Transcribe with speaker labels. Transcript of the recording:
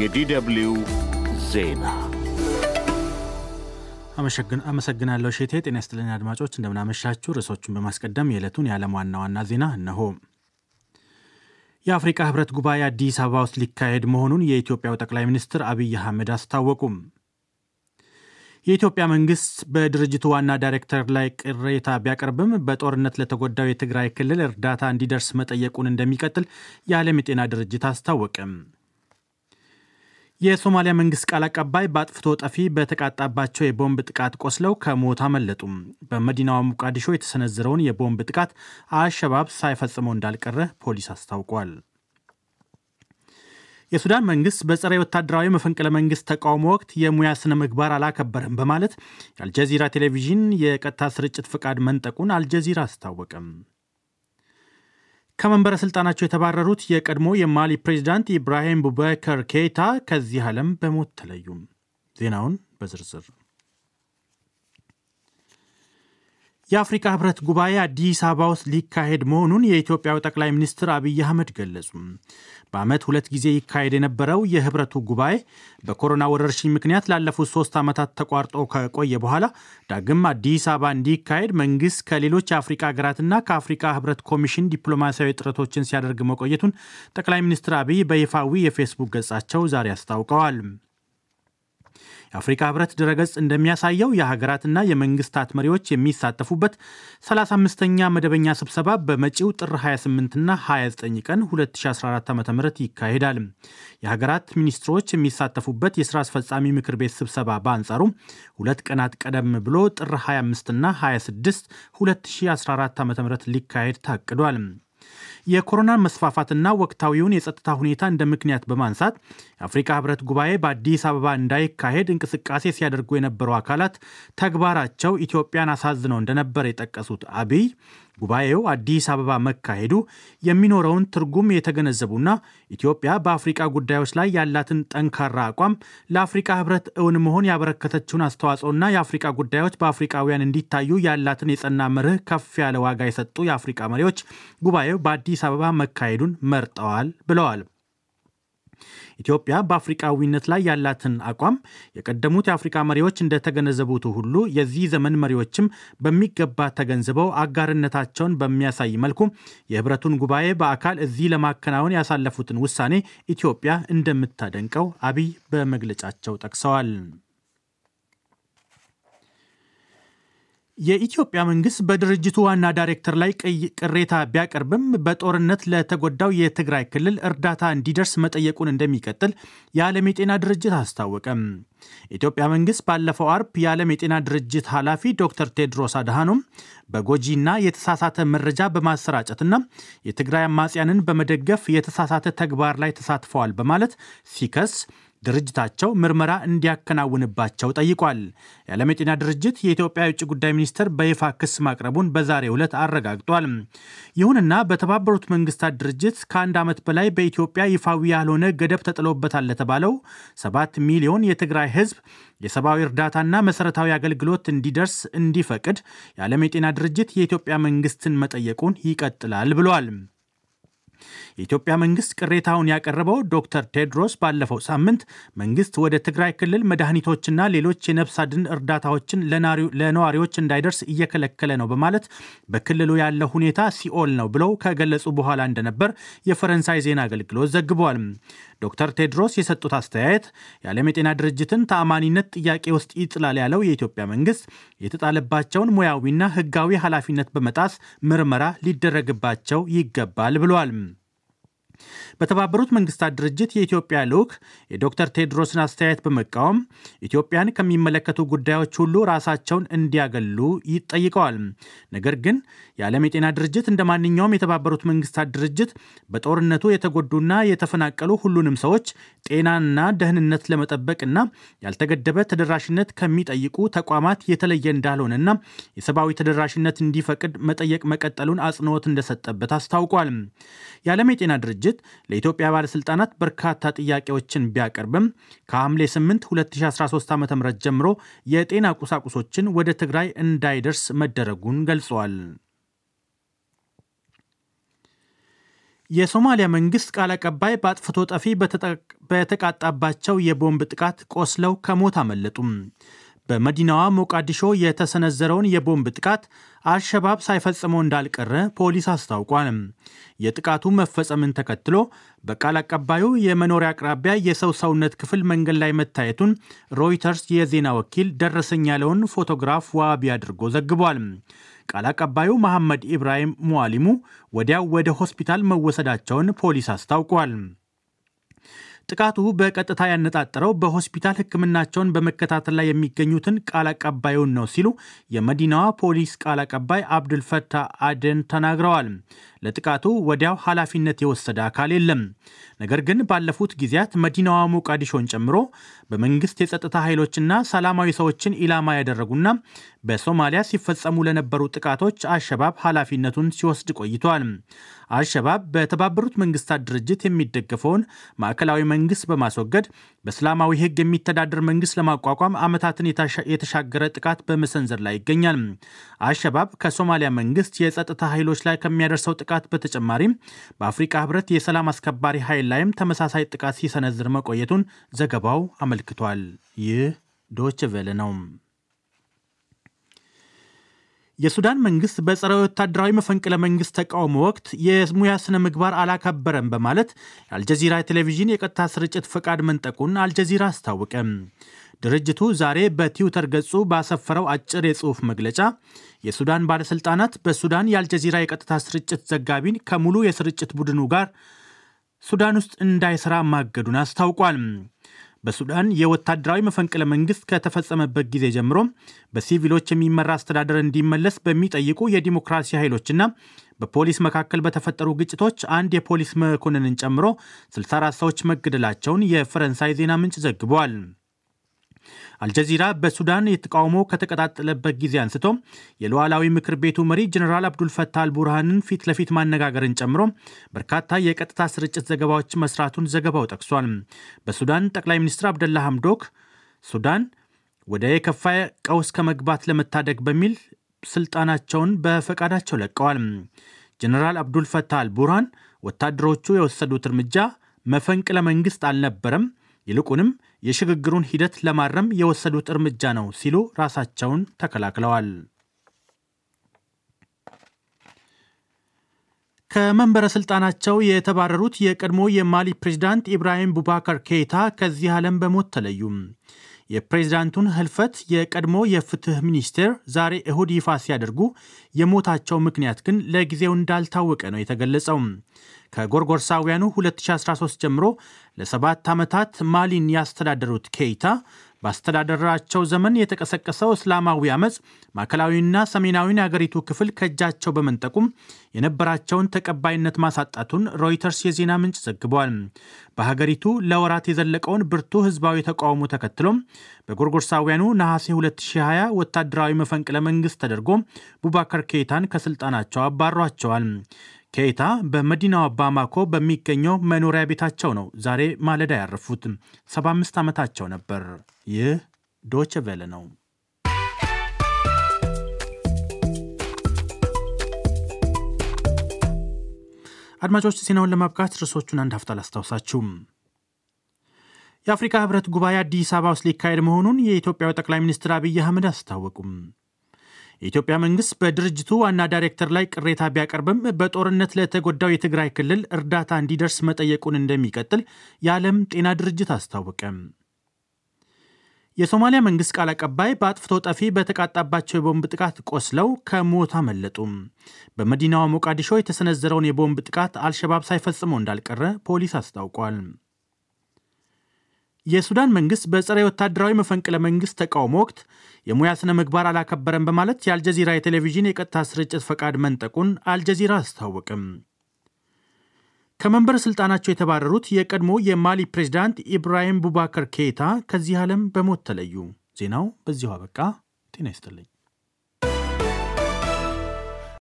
Speaker 1: የዲደብሊው ዜና አመሰግናለሁ ሼቴ። ጤና ይስጥልኝ አድማጮች፣ እንደምናመሻችሁ። ርዕሶቹን በማስቀደም የዕለቱን የዓለም ዋና ዋና ዜና እነሆ። የአፍሪካ ህብረት ጉባኤ አዲስ አበባ ውስጥ ሊካሄድ መሆኑን የኢትዮጵያው ጠቅላይ ሚኒስትር አብይ አህመድ አስታወቁም። የኢትዮጵያ መንግስት በድርጅቱ ዋና ዳይሬክተር ላይ ቅሬታ ቢያቀርብም በጦርነት ለተጎዳው የትግራይ ክልል እርዳታ እንዲደርስ መጠየቁን እንደሚቀጥል የዓለም የጤና ድርጅት አስታወቅም። የሶማሊያ መንግስት ቃል አቀባይ በአጥፍቶ ጠፊ በተቃጣባቸው የቦምብ ጥቃት ቆስለው ከሞት አመለጡም። በመዲናዋ ሞቃዲሾ የተሰነዘረውን የቦምብ ጥቃት አሸባብ ሳይፈጽመው እንዳልቀረ ፖሊስ አስታውቋል። የሱዳን መንግስት በጸረ ወታደራዊ መፈንቅለ መንግስት ተቃውሞ ወቅት የሙያ ስነ ምግባር አላከበረም በማለት የአልጀዚራ ቴሌቪዥን የቀጥታ ስርጭት ፍቃድ መንጠቁን አልጀዚራ አስታወቀም። ከመንበረ ስልጣናቸው የተባረሩት የቀድሞ የማሊ ፕሬዚዳንት ኢብራሂም ቡበከር ኬይታ ከዚህ ዓለም በሞት ተለዩም። ዜናውን በዝርዝር የአፍሪካ ህብረት ጉባኤ አዲስ አበባ ውስጥ ሊካሄድ መሆኑን የኢትዮጵያው ጠቅላይ ሚኒስትር አብይ አህመድ ገለጹ። በዓመት ሁለት ጊዜ ይካሄድ የነበረው የህብረቱ ጉባኤ በኮሮና ወረርሽኝ ምክንያት ላለፉት ሶስት ዓመታት ተቋርጦ ከቆየ በኋላ ዳግም አዲስ አበባ እንዲካሄድ መንግስት ከሌሎች የአፍሪካ ሀገራትና ከአፍሪካ ህብረት ኮሚሽን ዲፕሎማሲያዊ ጥረቶችን ሲያደርግ መቆየቱን ጠቅላይ ሚኒስትር አብይ በይፋዊ የፌስቡክ ገጻቸው ዛሬ አስታውቀዋል። የአፍሪካ ህብረት ድረገጽ እንደሚያሳየው የሀገራትና የመንግስታት መሪዎች የሚሳተፉበት 35ኛ መደበኛ ስብሰባ በመጪው ጥር 28ና 29 ቀን 2014 ዓ.ም ይካሄዳል። የሀገራት ሚኒስትሮች የሚሳተፉበት የስራ አስፈጻሚ ምክር ቤት ስብሰባ በአንጻሩ ሁለት ቀናት ቀደም ብሎ ጥር 25ና 26 2014 ዓ.ም ሊካሄድ ታቅዷል። የኮሮና መስፋፋትና ወቅታዊውን የጸጥታ ሁኔታ እንደ ምክንያት በማንሳት የአፍሪካ ህብረት ጉባኤ በአዲስ አበባ እንዳይካሄድ እንቅስቃሴ ሲያደርጉ የነበሩ አካላት ተግባራቸው ኢትዮጵያን አሳዝነው እንደነበር የጠቀሱት አብይ ጉባኤው አዲስ አበባ መካሄዱ የሚኖረውን ትርጉም የተገነዘቡና ኢትዮጵያ በአፍሪቃ ጉዳዮች ላይ ያላትን ጠንካራ አቋም ለአፍሪቃ ህብረት እውን መሆን ያበረከተችውን አስተዋጽኦና የአፍሪቃ ጉዳዮች በአፍሪቃውያን እንዲታዩ ያላትን የጸና መርህ ከፍ ያለ ዋጋ የሰጡ የአፍሪቃ መሪዎች ጉባኤው በአዲስ አዲስ አበባ መካሄዱን መርጠዋል ብለዋል። ኢትዮጵያ በአፍሪቃዊነት ላይ ያላትን አቋም የቀደሙት የአፍሪካ መሪዎች እንደተገነዘቡት ሁሉ የዚህ ዘመን መሪዎችም በሚገባ ተገንዝበው አጋርነታቸውን በሚያሳይ መልኩ የህብረቱን ጉባኤ በአካል እዚህ ለማከናወን ያሳለፉትን ውሳኔ ኢትዮጵያ እንደምታደንቀው አብይ በመግለጫቸው ጠቅሰዋል። የኢትዮጵያ መንግስት በድርጅቱ ዋና ዳይሬክተር ላይ ቅሬታ ቢያቀርብም በጦርነት ለተጎዳው የትግራይ ክልል እርዳታ እንዲደርስ መጠየቁን እንደሚቀጥል የዓለም የጤና ድርጅት አስታወቀም። የኢትዮጵያ መንግስት ባለፈው አርብ የዓለም የጤና ድርጅት ኃላፊ ዶክተር ቴድሮስ አድሃኖም በጎጂና የተሳሳተ መረጃ በማሰራጨትና የትግራይ አማጽያንን በመደገፍ የተሳሳተ ተግባር ላይ ተሳትፈዋል በማለት ሲከስ ድርጅታቸው ምርመራ እንዲያከናውንባቸው ጠይቋል። የዓለም የጤና ድርጅት የኢትዮጵያ የውጭ ጉዳይ ሚኒስትር በይፋ ክስ ማቅረቡን በዛሬው ዕለት አረጋግጧል። ይሁንና በተባበሩት መንግስታት ድርጅት ከአንድ ዓመት በላይ በኢትዮጵያ ይፋዊ ያልሆነ ገደብ ተጥሎበታል ለተባለው ሰባት ሚሊዮን የትግራይ ህዝብ የሰብአዊ እርዳታና መሰረታዊ አገልግሎት እንዲደርስ እንዲፈቅድ የዓለም የጤና ድርጅት የኢትዮጵያ መንግስትን መጠየቁን ይቀጥላል ብሏል። የኢትዮጵያ መንግስት ቅሬታውን ያቀረበው ዶክተር ቴድሮስ ባለፈው ሳምንት መንግስት ወደ ትግራይ ክልል መድኃኒቶችና ሌሎች የነፍስ አድን እርዳታዎችን ለነዋሪዎች እንዳይደርስ እየከለከለ ነው በማለት በክልሉ ያለው ሁኔታ ሲኦል ነው ብለው ከገለጹ በኋላ እንደነበር የፈረንሳይ ዜና አገልግሎት ዘግቧል። ዶክተር ቴድሮስ የሰጡት አስተያየት የዓለም የጤና ድርጅትን ተአማኒነት ጥያቄ ውስጥ ይጥላል ያለው የኢትዮጵያ መንግስት የተጣለባቸውን ሙያዊና ህጋዊ ኃላፊነት በመጣስ ምርመራ ሊደረግባቸው ይገባል ብሏል። በተባበሩት መንግስታት ድርጅት የኢትዮጵያ ልዑክ የዶክተር ቴድሮስን አስተያየት በመቃወም ኢትዮጵያን ከሚመለከቱ ጉዳዮች ሁሉ ራሳቸውን እንዲያገሉ ይጠይቀዋል። ነገር ግን የዓለም የጤና ድርጅት እንደ ማንኛውም የተባበሩት መንግስታት ድርጅት በጦርነቱ የተጎዱና የተፈናቀሉ ሁሉንም ሰዎች ጤናና ደህንነት ለመጠበቅና ያልተገደበ ተደራሽነት ከሚጠይቁ ተቋማት የተለየ እንዳልሆነና የሰብአዊ ተደራሽነት እንዲፈቅድ መጠየቅ መቀጠሉን አጽንኦት እንደሰጠበት አስታውቋል። የዓለም የጤና ድርጅት ለኢትዮጵያ ባለሥልጣናት በርካታ ጥያቄዎችን ቢያቀርብም ከሐምሌ 8 2013 ዓ ም ጀምሮ የጤና ቁሳቁሶችን ወደ ትግራይ እንዳይደርስ መደረጉን ገልጸዋል። የሶማሊያ መንግስት ቃል አቀባይ በአጥፍቶ ጠፊ በተቃጣባቸው የቦምብ ጥቃት ቆስለው ከሞት አመለጡም። በመዲናዋ ሞቃዲሾ የተሰነዘረውን የቦምብ ጥቃት አልሸባብ ሳይፈጽመው እንዳልቀረ ፖሊስ አስታውቋል። የጥቃቱ መፈጸምን ተከትሎ በቃል አቀባዩ የመኖሪያ አቅራቢያ የሰው ሰውነት ክፍል መንገድ ላይ መታየቱን ሮይተርስ የዜና ወኪል ደረሰኝ ያለውን ፎቶግራፍ ዋቢ አድርጎ ዘግቧል። ቃል አቀባዩ መሐመድ ኢብራሂም ሙዋሊሙ ወዲያው ወደ ሆስፒታል መወሰዳቸውን ፖሊስ አስታውቋል። ጥቃቱ በቀጥታ ያነጣጠረው በሆስፒታል ሕክምናቸውን በመከታተል ላይ የሚገኙትን ቃል አቀባዩን ነው ሲሉ የመዲናዋ ፖሊስ ቃል አቀባይ አብዱልፈታህ አደን ተናግረዋል። ለጥቃቱ ወዲያው ኃላፊነት የወሰደ አካል የለም። ነገር ግን ባለፉት ጊዜያት መዲናዋ ሞቃዲሾን ጨምሮ በመንግስት የጸጥታ ኃይሎችና ሰላማዊ ሰዎችን ኢላማ ያደረጉና በሶማሊያ ሲፈጸሙ ለነበሩ ጥቃቶች አሸባብ ኃላፊነቱን ሲወስድ ቆይቷል። አሸባብ በተባበሩት መንግስታት ድርጅት የሚደገፈውን ማዕከላዊ መንግስት በማስወገድ በእስላማዊ ሕግ የሚተዳደር መንግስት ለማቋቋም ዓመታትን የተሻገረ ጥቃት በመሰንዘር ላይ ይገኛል። አሸባብ ከሶማሊያ መንግስት የጸጥታ ኃይሎች ላይ ከሚያደርሰው ጥቃት ጥቃት በተጨማሪም በአፍሪካ ህብረት የሰላም አስከባሪ ኃይል ላይም ተመሳሳይ ጥቃት ሲሰነዝር መቆየቱን ዘገባው አመልክቷል። ይህ ዶች ቬለ ነው። የሱዳን መንግስት በጸረ ወታደራዊ መፈንቅለ መንግስት ተቃውሞ ወቅት የሙያ ስነ ምግባር አላከበረም በማለት የአልጀዚራ ቴሌቪዥን የቀጥታ ስርጭት ፈቃድ መንጠቁን አልጀዚራ አስታወቀ። ድርጅቱ ዛሬ በትዊተር ገጹ ባሰፈረው አጭር የጽሑፍ መግለጫ የሱዳን ባለሥልጣናት በሱዳን የአልጀዚራ የቀጥታ ስርጭት ዘጋቢን ከሙሉ የስርጭት ቡድኑ ጋር ሱዳን ውስጥ እንዳይሰራ ማገዱን አስታውቋል። በሱዳን የወታደራዊ መፈንቅለ መንግስት ከተፈጸመበት ጊዜ ጀምሮ በሲቪሎች የሚመራ አስተዳደር እንዲመለስ በሚጠይቁ የዲሞክራሲ ኃይሎችና በፖሊስ መካከል በተፈጠሩ ግጭቶች አንድ የፖሊስ መኮንንን ጨምሮ 64 ሰዎች መገደላቸውን የፈረንሳይ ዜና ምንጭ ዘግቧል። አልጀዚራ በሱዳን የተቃውሞ ከተቀጣጠለበት ጊዜ አንስቶ የሉዓላዊ ምክር ቤቱ መሪ ጀኔራል አብዱልፈታ አልቡርሃንን ፊት ለፊት ማነጋገርን ጨምሮ በርካታ የቀጥታ ስርጭት ዘገባዎች መስራቱን ዘገባው ጠቅሷል። በሱዳን ጠቅላይ ሚኒስትር አብደላ ሐምዶክ ሱዳን ወደ የከፋ ቀውስ ከመግባት ለመታደግ በሚል ስልጣናቸውን በፈቃዳቸው ለቀዋል። ጀኔራል አብዱልፈታ አልቡርሃን ወታደሮቹ የወሰዱት እርምጃ መፈንቅለ መንግስት አልነበረም፣ ይልቁንም የሽግግሩን ሂደት ለማረም የወሰዱት እርምጃ ነው ሲሉ ራሳቸውን ተከላክለዋል። ከመንበረ ስልጣናቸው የተባረሩት የቀድሞ የማሊ ፕሬዚዳንት ኢብራሂም ቡባካር ኬይታ ከዚህ ዓለም በሞት ተለዩ። የፕሬዝዳንቱን ህልፈት የቀድሞ የፍትህ ሚኒስቴር ዛሬ እሁድ ይፋ ሲያደርጉ የሞታቸው ምክንያት ግን ለጊዜው እንዳልታወቀ ነው የተገለጸው። ከጎርጎርሳውያኑ 2013 ጀምሮ ለሰባት ዓመታት ማሊን ያስተዳደሩት ኬይታ በአስተዳደራቸው ዘመን የተቀሰቀሰው እስላማዊ አመፅ ማዕከላዊና ሰሜናዊን የአገሪቱ ክፍል ከእጃቸው በመንጠቁም የነበራቸውን ተቀባይነት ማሳጣቱን ሮይተርስ የዜና ምንጭ ዘግቧል። በሀገሪቱ ለወራት የዘለቀውን ብርቱ ህዝባዊ ተቃውሞ ተከትሎም በጎርጎርሳውያኑ ነሐሴ 2020 ወታደራዊ መፈንቅለ መንግስት ተደርጎ ቡባከር ኬይታን ከስልጣናቸው አባሯቸዋል። ኬይታ በመዲናዋ ባማኮ በሚገኘው መኖሪያ ቤታቸው ነው ዛሬ ማለዳ ያረፉት። 75 ዓመታቸው ነበር። ይህ ዶቼ ቬለ ነው። አድማጮች፣ ዜናውን ለማብቃት ርዕሶቹን አንድ ሀፍታ ላስታውሳችሁ። የአፍሪካ ህብረት ጉባኤ አዲስ አበባ ውስጥ ሊካሄድ መሆኑን የኢትዮጵያው ጠቅላይ ሚኒስትር አብይ አህመድ አስታወቁም። የኢትዮጵያ መንግስት በድርጅቱ ዋና ዳይሬክተር ላይ ቅሬታ ቢያቀርብም በጦርነት ለተጎዳው የትግራይ ክልል እርዳታ እንዲደርስ መጠየቁን እንደሚቀጥል የዓለም ጤና ድርጅት አስታወቀም። የሶማሊያ መንግስት ቃል አቀባይ በአጥፍቶ ጠፊ በተቃጣባቸው የቦምብ ጥቃት ቆስለው ከሞት አመለጡም። በመዲናዋ ሞቃዲሾ የተሰነዘረውን የቦምብ ጥቃት አልሸባብ ሳይፈጽመው እንዳልቀረ ፖሊስ አስታውቋል። የሱዳን መንግስት በጸረ ወታደራዊ መፈንቅለ መንግስት ተቃውሞ ወቅት የሙያ ስነ ምግባር አላከበረም በማለት የአልጀዚራ የቴሌቪዥን የቀጥታ ስርጭት ፈቃድ መንጠቁን አልጀዚራ አስታወቅም። ከመንበር ስልጣናቸው የተባረሩት የቀድሞ የማሊ ፕሬዚዳንት ኢብራሂም ቡባከር ኬታ ከዚህ ዓለም በሞት ተለዩ። ዜናው በዚሁ አበቃ። ጤና ይስጥልኝ።